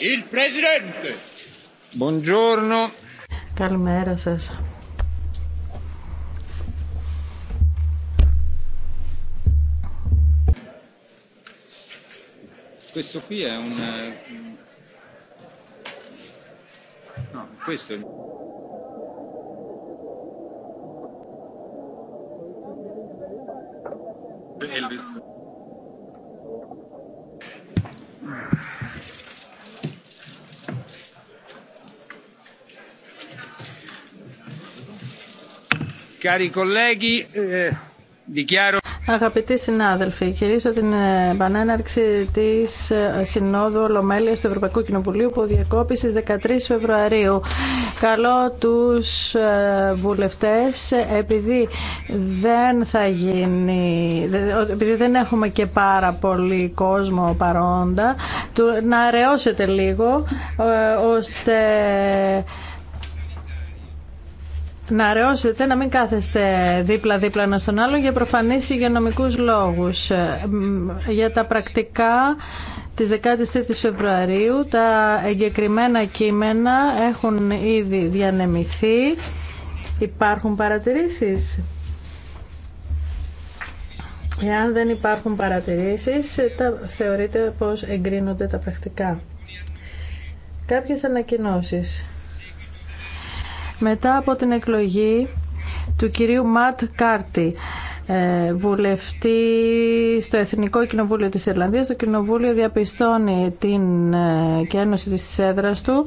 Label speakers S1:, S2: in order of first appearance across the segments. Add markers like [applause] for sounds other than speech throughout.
S1: Il Presidente. Buongiorno. Καλημέρα σας. Questo qui è un... No, questo è... Elvis. Eh, Αγαπητοί συνάδελφοι, κηρύσω την επανέναρξη της ε, Συνόδου Ολομέλειας του Ευρωπαϊκού Κοινοβουλίου που διακόπη στις 13 Φεβρουαρίου. Καλώ τους ε, βουλευτές, επειδή δεν θα γίνει, επειδή δεν έχουμε και πάρα πολύ κόσμο παρόντα, να αραιώσετε λίγο, ε, ώστε να αραιώσετε, να μην κάθεστε δίπλα-δίπλα ένα στον άλλο για προφανείς υγειονομικούς λόγους. Ε, για τα πρακτικά της 13ης Φεβρουαρίου τα εγκεκριμένα κείμενα έχουν ήδη διανεμηθεί. Υπάρχουν παρατηρήσεις. Εάν δεν υπάρχουν παρατηρήσεις, ε, τα, θεωρείται πως εγκρίνονται τα πρακτικά. Κάποιες ανακοινώσεις μετά από την εκλογή του κυρίου Ματ Κάρτι, ε, βουλευτή στο Εθνικό Κοινοβούλιο της Ιρλανδίας. Το Κοινοβούλιο διαπιστώνει την ε, κένωση της έδρας του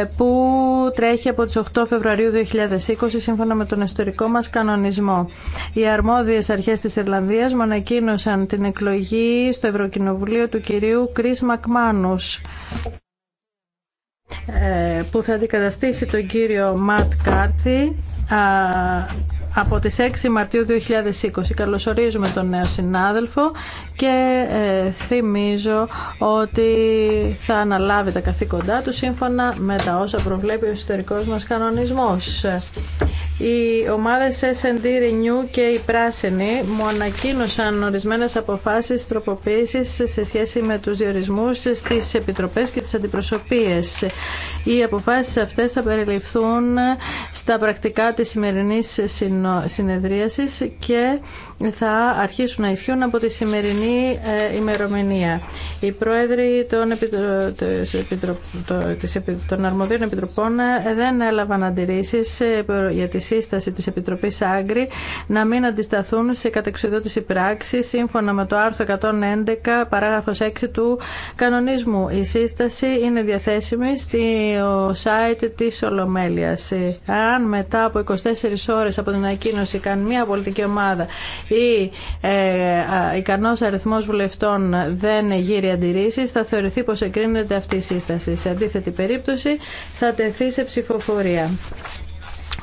S1: ε, που τρέχει από τις 8 Φεβρουαρίου 2020 σύμφωνα με τον ιστορικό μας κανονισμό. Οι αρμόδιες αρχές της Ιρλανδίας μου την εκλογή στο Ευρωκοινοβουλίο του κυρίου Κρίς Μακμάνους ε, που θα αντικαταστήσει τον κύριο Ματ Κάρθι από τις 6 Μαρτίου 2020. Καλωσορίζουμε τον νέο συνάδελφο και ε, θυμίζω ότι θα αναλάβει τα καθήκοντά του σύμφωνα με τα όσα προβλέπει ο ιστορικός μας κανονισμός. Οι ομάδες S&D Renew και οι Πράσινοι μου ανακοίνωσαν ορισμένες αποφάσεις τροποποίησης σε σχέση με τους διορισμούς στις επιτροπές και τις αντιπροσωπείες. Οι αποφάσεις αυτές θα περιληφθούν στα πρακτικά της σημερινής συνεδρίασης και θα αρχίσουν να ισχύουν από τη σημερινή ε, ημερομηνία. Οι πρόεδροι των, επιτρο... των αρμοδίων επιτροπών ε, δεν έλαβαν αντιρρήσει ε, για τη σύσταση τη Επιτροπής Άγκρη να μην αντισταθούν σε κατεξοδότηση πράξη σύμφωνα με το άρθρο 111 παράγραφος 6 του κανονισμού. Η σύσταση είναι διαθέσιμη στο site της Ολομέλειας. Ε, αν μετά από 24 ώρες από την ανακοίνωση καμία πολιτική ομάδα ή ε, ικανός βουλευτών δεν γύρει θα θεωρηθεί πω εκρίνεται αυτή η σύσταση. Σε αντίθετη περίπτωση, θα τεθεί σε ψηφοφορία.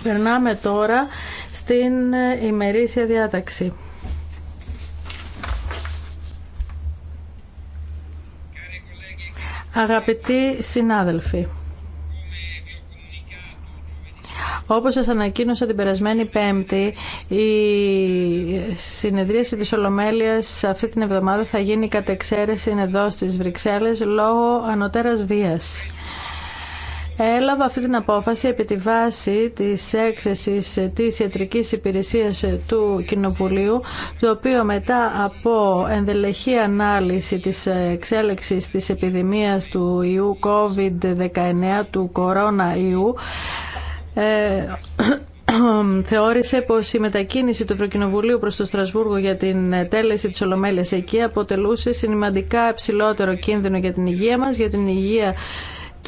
S1: Περνάμε τώρα στην ημερήσια διάταξη. Αγαπητοί συνάδελφοι, όπως σας ανακοίνωσα την περασμένη Πέμπτη, η συνεδρίαση της Ολομέλειας αυτή την εβδομάδα θα γίνει κατ' εξαίρεση εδώ στις Βρυξέλλες λόγω ανωτέρας βίας. Έλαβα αυτή την απόφαση επί τη βάση της έκθεσης της ιατρικής υπηρεσίας του Κοινοβουλίου, το οποίο μετά από ενδελεχή ανάλυση της εξέλιξης της επιδημίας του ιού COVID-19 του κορώνα ιού, ε, [coughs] θεώρησε πως η μετακίνηση του Ευρωκοινοβουλίου προς το Στρασβούργο για την ε, τέλεση της Ολομέλειας εκεί αποτελούσε σημαντικά ψηλότερο κίνδυνο για την υγεία μας για την υγεία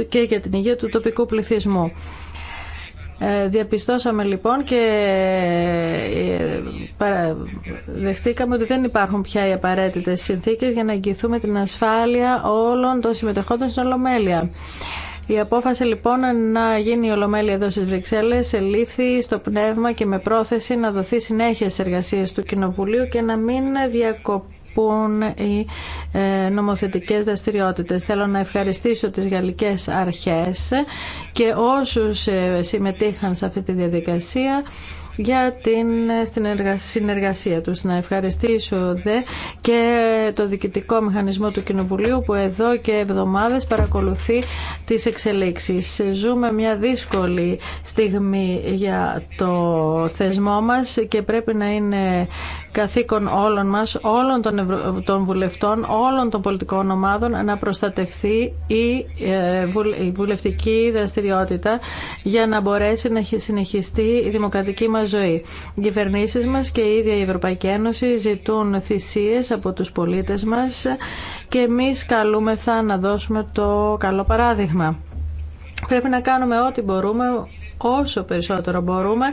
S1: και για την υγεία του τοπικού πληθυσμού. Ε, διαπιστώσαμε λοιπόν και δεχτήκαμε ότι δεν υπάρχουν πια οι απαραίτητες συνθήκες για να εγγυηθούμε την ασφάλεια όλων των συμμετεχόντων στην Ολομέλεια. Η απόφαση λοιπόν να γίνει η Ολομέλεια εδώ στις Βρυξέλλες ελήφθη στο πνεύμα και με πρόθεση να δοθεί συνέχεια στις εργασίες του Κοινοβουλίου και να μην διακοπούν οι ε, νομοθετικές δραστηριότητες. Θέλω να ευχαριστήσω τις γαλλικές αρχές και όσους ε, συμμετείχαν σε αυτή τη διαδικασία για την συνεργασία τους. Να ευχαριστήσω δε και το διοικητικό μηχανισμό του Κοινοβουλίου που εδώ και εβδομάδες παρακολουθεί τις εξελίξεις. Ζούμε μια δύσκολη στιγμή για το θεσμό μας και πρέπει να είναι καθήκον όλων μας, όλων των, βουλευτών, όλων των πολιτικών ομάδων να προστατευθεί η, ε, η βουλευτική δραστηριότητα για να μπορέσει να συνεχιστεί η δημοκρατική μας ζωή. Οι κυβερνήσεις μας και η ίδια η Ευρωπαϊκή Ένωση ζητούν θυσίες από τους πολίτες μας και εμείς καλούμεθα να δώσουμε το καλό παράδειγμα. Πρέπει να κάνουμε ό,τι μπορούμε όσο περισσότερο μπορούμε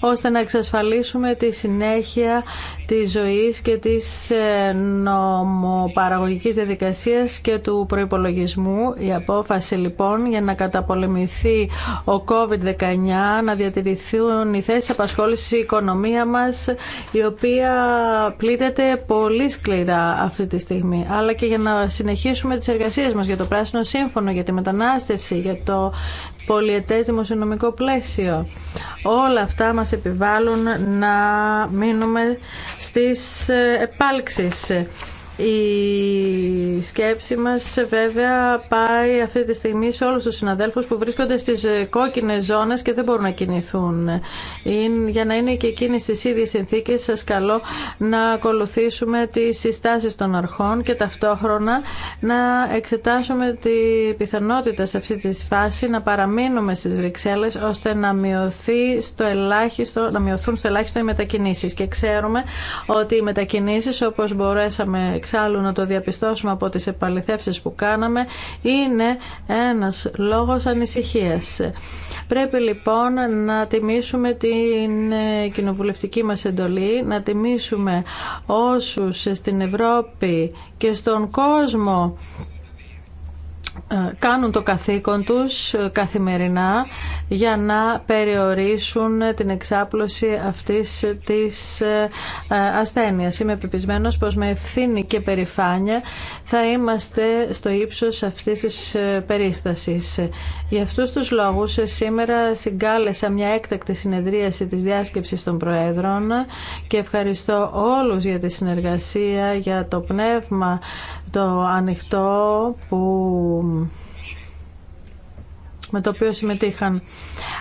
S1: ώστε να εξασφαλίσουμε τη συνέχεια της ζωής και της ε, νομοπαραγωγικής διαδικασίας και του προϋπολογισμού. Η απόφαση λοιπόν για να καταπολεμηθεί ο COVID-19 να διατηρηθούν οι θέσεις απασχόλησης η οικονομία μας η οποία πλήττεται πολύ σκληρά αυτή τη στιγμή αλλά και για να συνεχίσουμε τις εργασίες μας για το Πράσινο Σύμφωνο, για τη μετανάστευση, για το πολιετές δημοσιονομικό πλαίσιο. Όλα αυτά μας επιβάλλουν να μείνουμε στις επάλξεις. Η σκέψη μας βέβαια πάει αυτή τη στιγμή σε όλους τους συναδέλφους που βρίσκονται στις ε, κόκκινες ζώνες και δεν μπορούν να κινηθούν. Για να είναι και εκείνοι στις ίδιες συνθήκες σας καλώ να ακολουθήσουμε τις συστάσεις των αρχών και ταυτόχρονα να εξετάσουμε τη πιθανότητα σε αυτή τη φάση να παραμείνουμε στις Βρυξέλλες ώστε να, μειωθεί στο ελάχιστο, να μειωθούν στο ελάχιστο οι μετακινήσεις. Και ξέρουμε ότι οι μετακινήσεις όπως μπορέσαμε εξάλλου να το διαπιστώσουμε από τις επαληθεύσεις που κάναμε, είναι ένας λόγος ανησυχίας. Πρέπει λοιπόν να τιμήσουμε την ε, κοινοβουλευτική μας εντολή, να τιμήσουμε όσους στην Ευρώπη και στον κόσμο ε, κάνουν το καθήκον τους ε, καθημερινά για να περιορίσουν την εξάπλωση αυτής της ε, ασθένειας. Είμαι επιπισμένος πως με ευθύνη και περηφάνεια θα είμαστε στο ύψος αυτής της περίστασης. Για αυτούς τους λόγους σήμερα συγκάλεσα μια έκτακτη συνεδρίαση της διάσκεψης των Προέδρων και ευχαριστώ όλους για τη συνεργασία, για το πνεύμα το ανοιχτό που με το οποίο συμμετείχαν.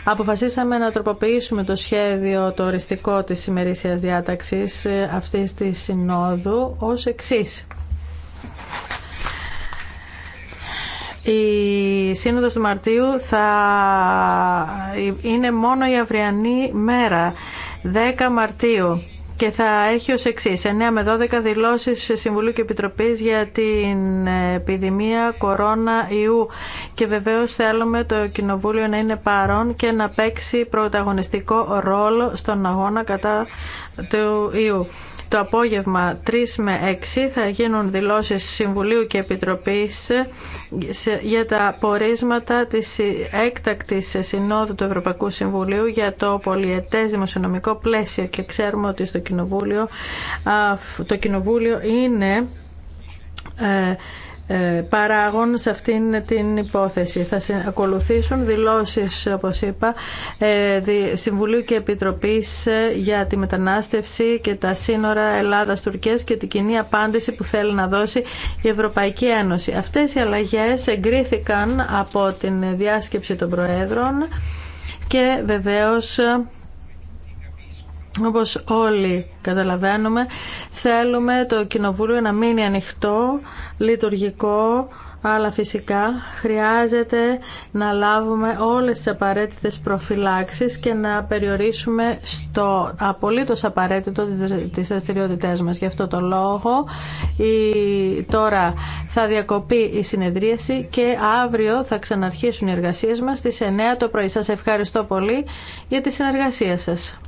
S1: Αποφασίσαμε να τροποποιήσουμε το σχέδιο το οριστικό της ημερήσιας διάταξης ε, αυτής της συνόδου ως εξής. Η Σύνοδος του Μαρτίου θα ε, είναι μόνο η αυριανή μέρα, 10 Μαρτίου και θα έχει ως εξή 9 με 12 δηλώσεις Συμβουλίου και Επιτροπής για την επιδημία κορώνα ιού και βεβαίως θέλουμε το Κοινοβούλιο να είναι παρόν και να παίξει πρωταγωνιστικό ρόλο στον αγώνα κατά του ιού. Το απόγευμα 3 με 6 θα γίνουν δηλώσεις Συμβουλίου και Επιτροπής για τα πορίσματα της έκτακτης συνόδου του Ευρωπαϊκού Συμβουλίου για το πολιετές δημοσιονομικό πλαίσιο και ξέρουμε ότι στο Κοινοβούλιο το Κοινοβούλιο είναι ε, ε, παράγων σε αυτήν την υπόθεση. Θα ακολουθήσουν δηλώσεις, όπως είπα, ε, Συμβουλίου και Επιτροπής ε, για τη μετανάστευση και τα σύνορα Ελλάδας-Τουρκίας και την κοινή απάντηση που θέλει να δώσει η Ευρωπαϊκή Ένωση. Αυτές οι αλλαγές εγκρίθηκαν από την διάσκεψη των Προέδρων και βεβαίως όπως όλοι καταλαβαίνουμε, θέλουμε το Κοινοβούλιο να μείνει ανοιχτό, λειτουργικό, αλλά φυσικά χρειάζεται να λάβουμε όλες τις απαραίτητες προφυλάξεις και να περιορίσουμε στο απολύτως απαραίτητο τις δραστηριότητε μας. Γι' αυτό το λόγο η... τώρα θα διακοπεί η συνεδρίαση και αύριο θα ξαναρχίσουν οι εργασίες μας στις 9 το πρωί. Σας ευχαριστώ πολύ για τη συνεργασία σας.